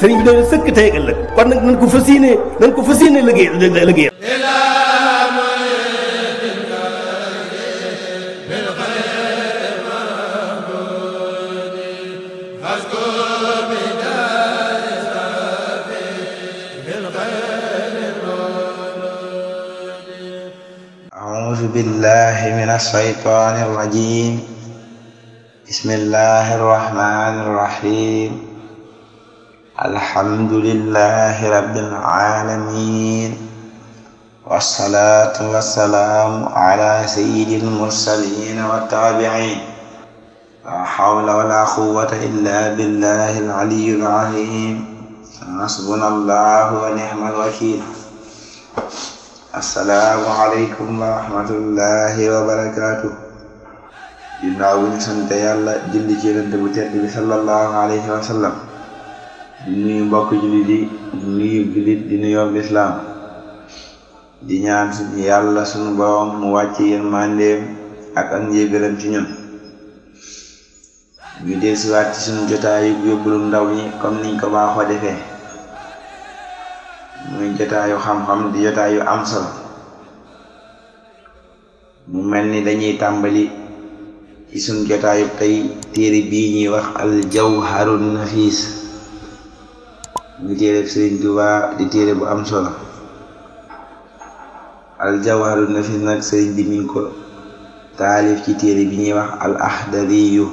sëriñ bi dana sëkk tey ëllëg kon nag nañ ko fas yéene nañ ko fas yéene liggéey liggéey بالله من الشيطان الرجيم بسم الله الرحمن الرحيم alhamdulillahi rabbil alamin wasalaatu wasalaamu ala sayyidil mursalin wa taabi'in la hawla wala quwwata illa billahil aliyyil azim hasbunallahu wa ni'mal wakil assalaamu aleykum wa rahmatullahi wa barakatuh ginnaaw bu ñu sante yàlla julli ci yonent bu tedd bi sallallahu alayhi wa sallam di nuyu mbokk jullit di nuyu jullit di lislaam di ñaan suñu yàlla suñu boroom mu wàcc yërmandeem ak ak njéggalam ci ñun ñu dee siwaat ci suñu jotaayu yóbbulum ndaw ñi comme niñ ko baaxoo defee muy jotaayu xam-xam di jotaayu am solo mu mel ni dañuy tàmbali ci suñu jotaayu tey téere bii ñuy wax al jawharun nafis muy di téere bu am solo aljawharu nafis nag sëriñ bi mi ko taalif ci téere bi ñuy wax al ahdariyu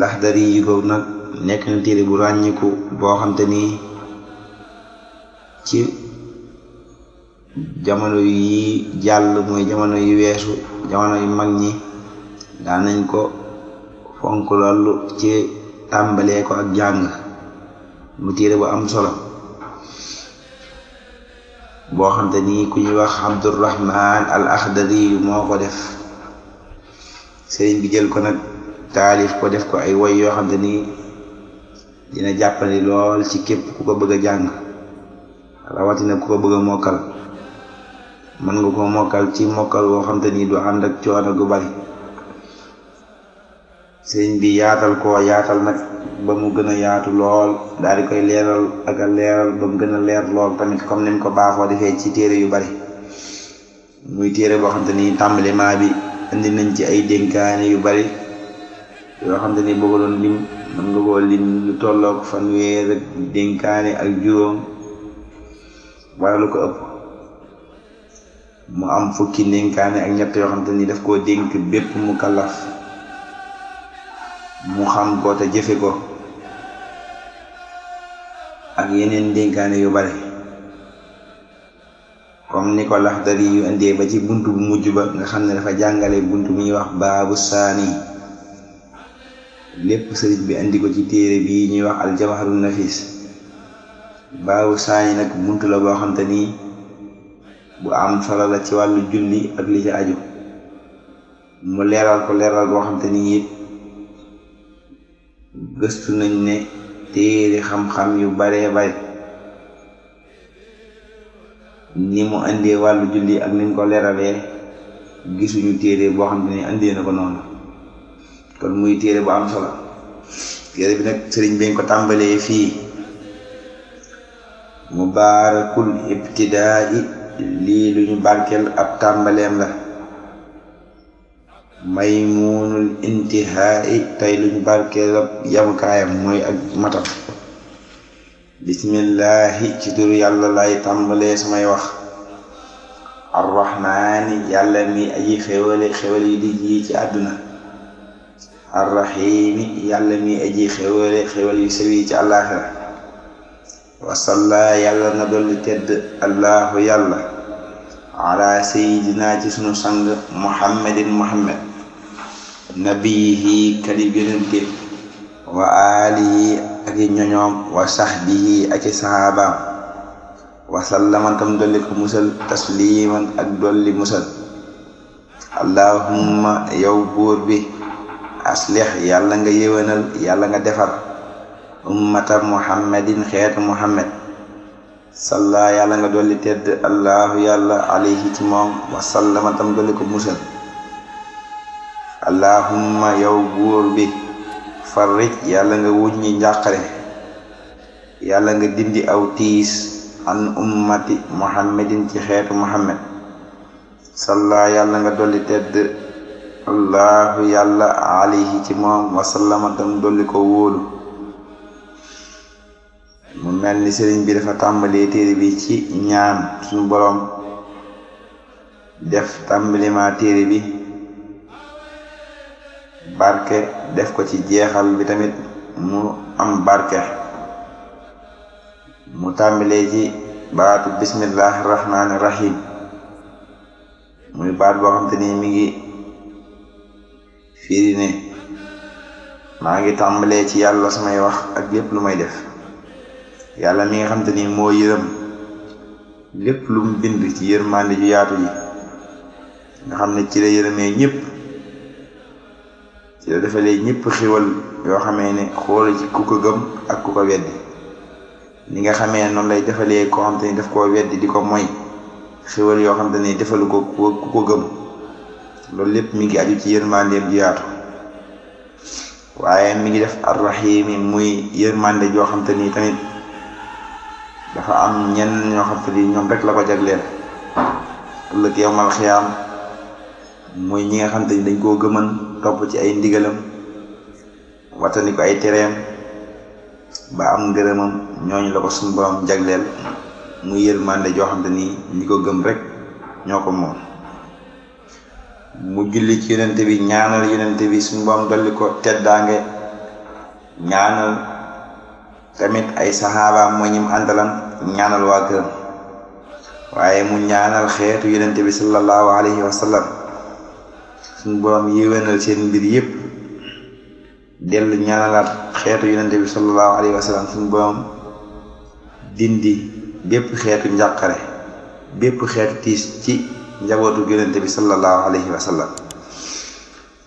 lahdariyu boobu nag nekk na téere bu ràññiku boo xam te ni ci jamono yi jàll mooy jamono yu weesu jamono yu mag ñi daan nañ ko fonk loolu ci tàmbalee ko ak jàng mu téere bu am solo boo xam te ku ñuy wax Abdurrahman al Akhdari moo ko def sëriñ bi jël ko nag taalif ko def ko ay woy yoo xam te ni dina jàppale lool ci képp ku ko bëgg a jàng rawatina ku ko bëgg a mokkal mën nga ko mokkal ci mokkal woo xam te ni du ànd ak coono gu bari seen bi yaatal ko yaatal nag ba mu gën a yaatu lool daal di koy leeral ak a ba mu gën a leer lool tamit comme ni ko baaxoo defee ci téere yu bari muy téere boo xam te ni tàmbali tàmbalima bi indi nañ ci ay dénkaane yu bari yoo xam te ni boo ko doon lim mën nga ak juróom wala ko ëpp mu am fukki dénkaane ak ñett yoo xam te ni def ko dénk bépp mu kallaf mu xam ko te jëfe ko ak yeneen dénkaane yu bare comme ni ko Laxdari yu indee ba ci bunt bu mujj ba nga xam ne dafa jàngale bunt bu ñuy wax baabu saani lépp sërit bi indi ko ci téere bii ñuy wax aljawharun nafis baabu saani nag bunt la boo xam te nii bu am solo la ci wàllu julli ak li ci aju mu leeral ko leeral boo xam te nii gëstu nañ ne téere xam-xam yu baree bari ni mu indee wàllu julli ak ni ko leeralee gisuñu téere boo xam ne indee na ko noonu kon muy téere bu am solo téere bi nag sëriñ bi ko tàmbalee fii mubaarakul ibtidaai lii lu ñu barkeel ab tàmbaleem la maymuunul intihaai tey luñ barkeela yamukaayam mooy ak matam bismillaahi ci turu yàlla lay tàmbalee may wax arrahmaani yàlla mi aji xewale xewal yi digg yi ci àdduna arrahiimi yàlla mi aji xewale xewal yu ci àllaaxira wasalla yàlla na dolli tedd allahu yàlla ala sayidina ci sunu sang muhammadin muhammad nabiyihi kadi yonente wa alihi ak i ñoñoom wa sahbihi ak i sahabaam wa sallama tam dolli ko musal tasliman ak dolli musal allahumma yow buur bi aslih yàlla nga yëwénal yàlla nga defar ummata muhammadin xeet muhammad salla yàlla nga dolli tedd allahu yàlla alayhi ci moom wa sallama tam dolli ko musal allahumma yow buur bi farrij yàlla nga wuññi njàqare yàlla nga dindi aw tiis an ummati muhammadin ci xeetu muhammad salla yàlla nga dolli tedd allahu yàlla alayhi ci moom wasallama tam dolli ko wóolu mu mel ni sëriñ bi dafa tàmbalee téere bi ci ñaan suñu boroom def tàmbalimaa téere bi barke def ko ci jeexal bi tamit mu am barke mu tàmbalee ci baatu bismillahi rahmaani rahim muy baat boo xam te ni mi ngi firi ne maa ngi tàmbalee ci yàlla samay wax ak lépp lu may def yàlla mi nga xam te ni moo yërëm lépp lu bind ci yërmande ju yaatu yi nga xam ne ci la yërëmee ñëpp ci defalee ñëpp xéwal yoo xamee ne xoola ci ku ko gëm ak ku ko weddi ni nga xamee noonu lay defalee koo xam te ni daf koo weddi di ko moy xéwal yoo xam ne defalu ko ku ko gëm loolu lépp mi ngi aju ci yërmandeem ju yaatu waaye mi ngi def arrahimi muy yërmande joo xam te ni tamit dafa am ñenn ñoo xam te ñoom rek la ko jagleel ëllëg yowmal xiyaam muy ñi nga xam ni dañ koo gëman topp ci ay ndigalam wattani ay tereem ba am ngërëmam ñooñu la ko suñu borom jagleel mu yërmande joo xam te ni ñi gëm rek ñoo ko moom mu julli ci yonente bi ñaanal yonente bi suñu borom dolli tamit ay saxaabaam moo ñim àndalan ñaanal waa këram waaye mu ñaanal xeetu yonente bi sallallahu alayhi wa suñu borom yéwénal seen mbir yépp dellu ñaanalaat xeetu yonente bi sallallahu alayhi wa sallam suñu dindi bépp xeetu njàqare bépp xeetu tiis ci njabootu yonente bi sallallahu alayhi wa sallam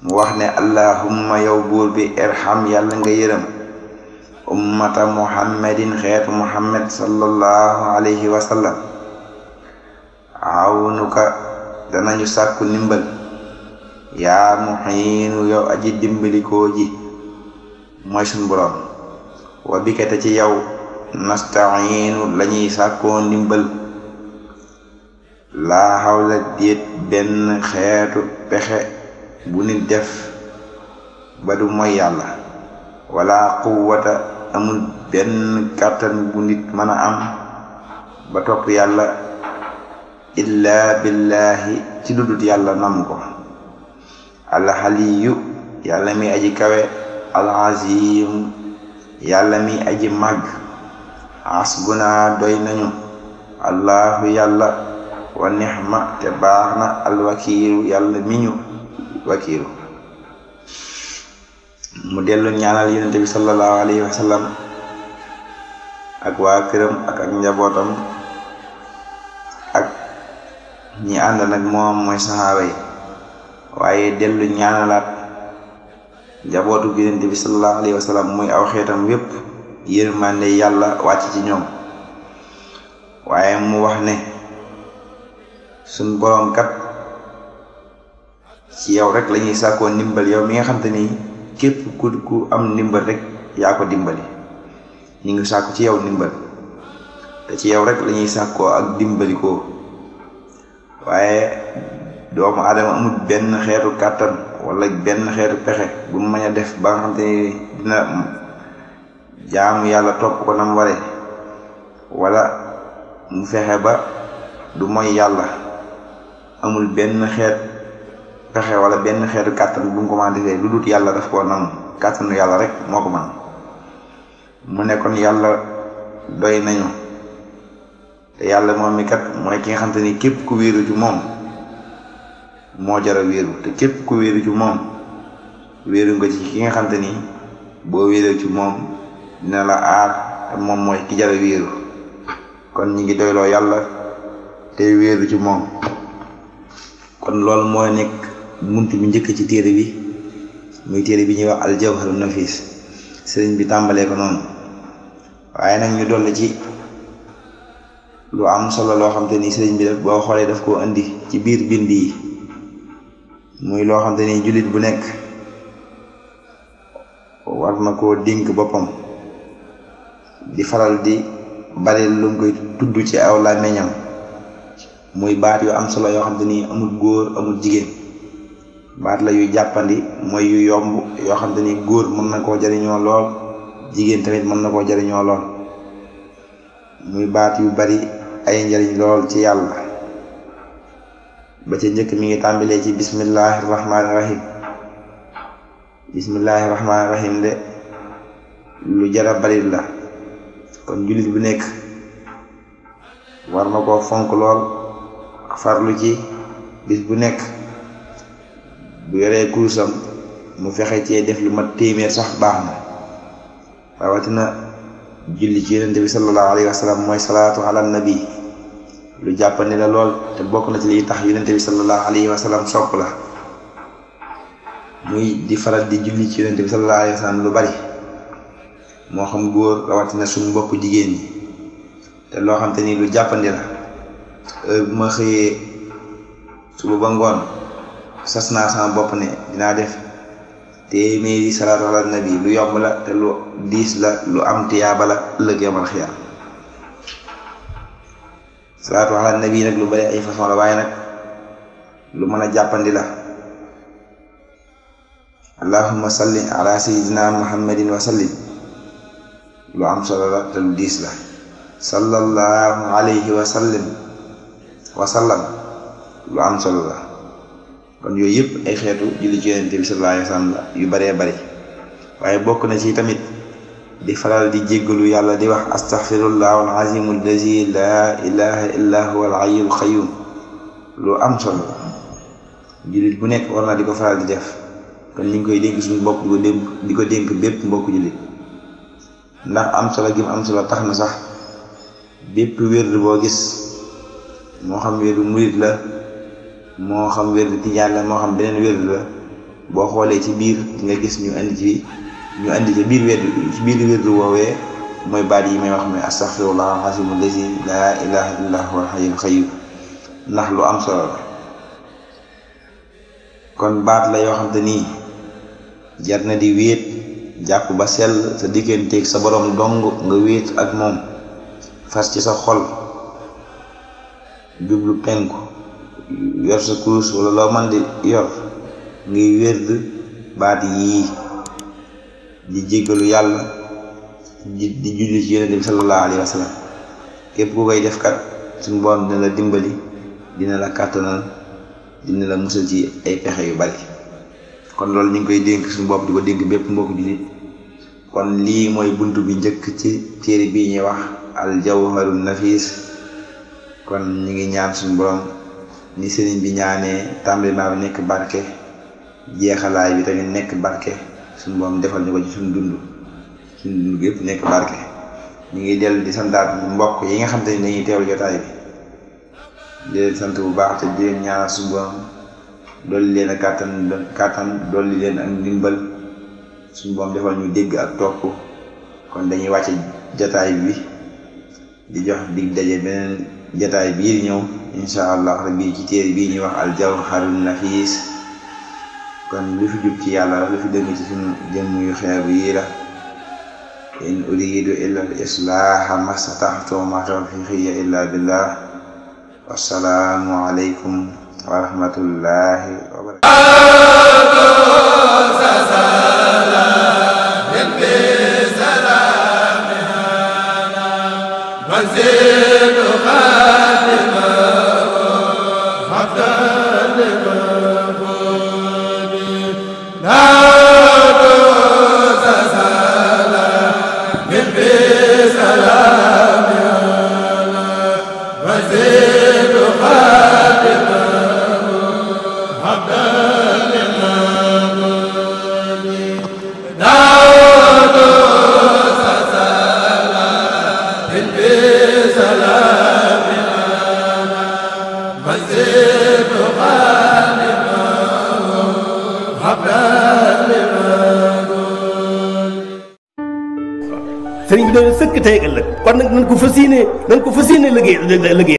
mu wax ne allahumma yow buur bi irham yàlla nga yërëm ummata muhammadin xeetu muhammad sallallahu alayhi wa sallam awnuka danañu sàkku ndimbal yaa muxiinu yow aji dimbalikoo ji mooy suñu boroom wa bika ci yow nastaxiinu lañuy sàkkoo ndimbal laa xawla déet benn xeetu pexe bu def ba du mooy yàlla wala quwwata amul benn kàttan bu nit mën am ba topp yàlla illaa billaahi ci dudut yàlla nam ko alxaliyu yàlla mi aji kawe alazim yàlla mi aji màgg asbuna doy nañu allahu yàlla wa nixma te baax na alwakiiru yàlla mi ñu wakiiru mu dellu ñaanal yonente bi sallallahu alayhi wa ak waa ak ak njabootam ak ñi ànd nag moom mooy saxaaba waaye dellu ñaanalaat njabootu bi bi sallallahu alayhi wa sallam muy aw xeetam wépp yërmande yàlla wàcc ci ñoom waaye mu wax ne suñ boroom ci yow rek lañuy sàkkoo ndimbal yow mi nga xam ni képp ku ku am ndimbal rek yaa ko dimbali ñu ngi sàkku ci yow ndimbal te ci yow rek lañuy sàkkoo ak dimbalikoo waaye doomu aadama amul benn xeetu kàttan walla benn xeetu pexe bu mu mën a def ba nga xam te ni dina jaamu yàlla topp ko nam ware wala mu fexe ba du moy yàlla amul benn xeet pexe wala benn xeetu kàttan bu mu ko mën lu dut yàlla daf koo kàttanu yàlla rek moo ko man mu nekkoon yàlla doy nañu te yàlla moom mi kat mooy ki nga xam te ni képp ku wéeru ci moom moo jara wéeru te képp ku wéeru ci moom wéeru nga ci ki nga xam ni boo wéeroo ci moom dina la aar te moom mooy ki jara wéeru kon ñi ngi doyloo yàlla te wéeru ci moom kon loolu mooy nekk bunt bi njëkk ci téere bi muy téere bi ñuy wax na nafis sëriñ bi tàmbalee ko noonu waaye nag ñu dolli ci lu am solo loo xam te sëriñ bi daf boo xoolee daf koo indi ci biir bind yi muy loo xam ni jullit bu nekk war na koo dénk boppam di faral di bari lu mu koy tudd ci aw làmmiñam muy baat yu am solo yoo xam te ni amul góor amul jigéen baat la yu jàppandi mooy yu yomb yoo xam te ni góor mën na koo jariñoo lool jigéen tamit mën na koo jariñoo lool muy baat yu bari ay njariñ lool ci yàlla ba ca njëkk mi ngi tàmbalee ci bismillahi rahmaani rahim bismillahi rahmaani rahim de lu jara balit la kon jullit bu nekk war na koo fonk lool farlu ci bis bu nekk bu yore kursam mu fexe cee def lu mat téeméer sax baax na rawatina julli ci yonente bi sallallahu mooy salaatu ala nabi lu jàppandi la lool te bokk na ci lii tax yonente bi sallallahu alayhi wa sallam sopp la muy di faral di julli ci yonente bi sallallahu alayhi lu bari moo xam góor rawatina suñu jigéen ñi te loo xam te ni lu jàppandi la ma xëyee suba naa bopp ne dinaa def téeméeri salaatu ala nabi lu yomb la te lu diis la lu am tiyaaba ëllëg yamal xiyaam salaatu ala nabi nag lu bare ay façon la waaye nag lu mën a jàppandi la allahumma salli ala sayyidina muhammadin wa sallim lu am solo la te lu diis la sallallahu alayhi wa sallim wa lu am solo la kon yooyu yëpp ay xeetu julli ci yonent bi sallallahu alayhi wa yu baree bari waaye bokk na ci tamit di faral di jéggalu yàlla di wax astaxfirullah alazim allazi laa ilaha illa huwa ay xayum lu am solo jullit bu nekk war naa di ko faral di def kon ñu ngi koy dénk suñu bopp di ko dénk di ko dénk bépp mbokk jullit ndax am solo gi mu am solo tax na sax bépp wérd boo gis moo xam wérdu murit la moo xam wérdu tijaan la moo xam beneen wérd la boo xoolee ci biir nga gis ñu indi ci ñu andi ca biir wér ci biir wérdu woowee mooy baat yi may wax mooy astaxfirullah alxasimu allazi laa ilaha illa huwa alxayyul xayyum ndax lu am solo kon baat la yoo xam te nii jar na di wéet jàpp ba sell sa digganteeg sa borom dong nga wéet ak moom fas ci sa xol jublu penku yor sa kurus wala loo man di yor ngiy wérd baat yii di jéggalu yàlla di di julli ci yonent bi sallallahu alayhi wa képp ku koy def kat suñu borom dina la dimbali dina la kàttanal dina la musal ci ay pexe yu bari kon loolu ñu ngi koy dénk suñu bopp di ko dénk bépp mbokk jullit kon lii mooy bunt bi njëkk ci téere bii ñuy wax al jawharun nafis kon ñu ngi ñaan suñu borom ni sëriñ bi ñaanee tàmbali maa nekk barke jeexalaay bi tamit nekk barke suñu moom defal ñu ko ci suñu dund suñu dund gi yëpp nekk barke ñu ngi dellu di santaat mbokk yi nga xam te ni dañuy teewlu jotaay bi di leen sant bu baax te di leen ñaanal suñu dolli leen ak kàttan kàttan dolli leen ak ndimbal suñu defal ñu dégg ak topp kon dañuy wàcce jotaay bi di jox dig daje beneen jotaay bii di ñëw incha allah rabbi ci téere bii ñuy wax al jawharun nafiis kon lu fi jub ci yàlla lu fi dëng ci suñu jëmm yu xeeb yii la in uridu illa al islaaha mastataxtu ma tawfiqiya illa billah wassalaamu aleykum wa rahmatullahi wa barakatuh doy sëkk tey ak ëllëg kon nag nañ ko fas yéene nañ ko fas yéene liggéey liggéey